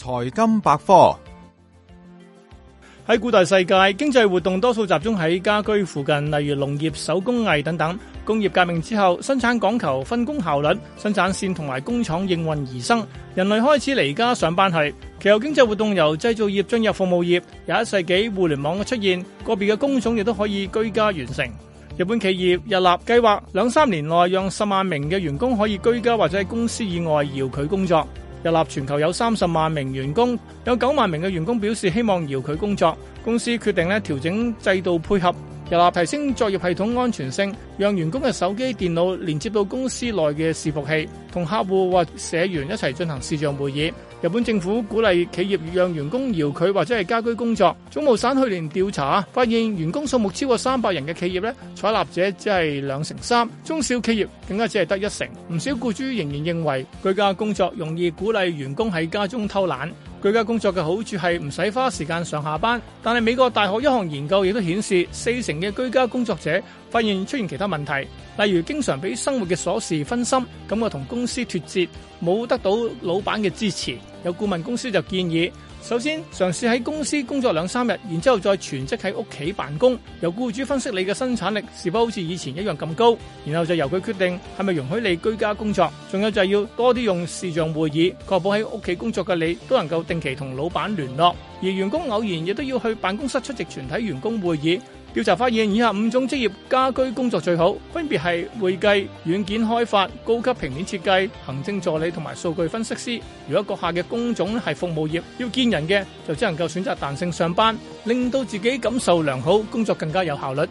財金百科，喺古代世界，經濟活動多數集中喺家居附近，例如農業、手工藝等等。工業革命之後，生產講求分工效率，生產線同埋工廠應運而生。人類開始離家上班去。其後經濟活動由製造業進入服務業。廿一世紀，互聯網嘅出現，個別嘅工種亦都可以居家完成。日本企業日立計劃兩三年內讓十萬名嘅員工可以居家或者喺公司以外遙距工作。日立全球有三十萬名員工，有九萬名嘅員工表示希望遙距工作，公司決定咧調整制度配合。日立提升作業系統安全性，讓員工嘅手機電腦連接到公司內嘅伺服器，同客戶或社員一齊進行視像會議。日本政府鼓勵企業讓員工遙距，或者係家居工作。總務省去年調查發現，員工數目超過三百人嘅企業咧，採納者只係兩成三，中小企業更加只係得一成。唔少僱主仍然認為居家工作容易鼓勵員工喺家中偷懶。居家工作嘅好處係唔使花時間上下班，但係美國大學一項研究亦都顯示，四成嘅居家工作者發現出現其他問題，例如經常俾生活嘅瑣事分心，咁我同公司脫節，冇得到老闆嘅支持。有顧問公司就建議。首先嘗試喺公司工作兩三日，然之後再全職喺屋企辦公，由僱主分析你嘅生產力是否好似以前一樣咁高，然後就由佢決定係咪容許你居家工作。仲有就係要多啲用視像會議，確保喺屋企工作嘅你都能夠定期同老闆聯絡，而員工偶然亦都要去辦公室出席全體員工會議。調查發現以下五種職業家居工作最好，分別係會計、軟件開發、高級平面設計、行政助理同埋數據分析師。如果閣下嘅工種咧係服務業，要見人嘅，就只能夠選擇彈性上班，令到自己感受良好，工作更加有效率。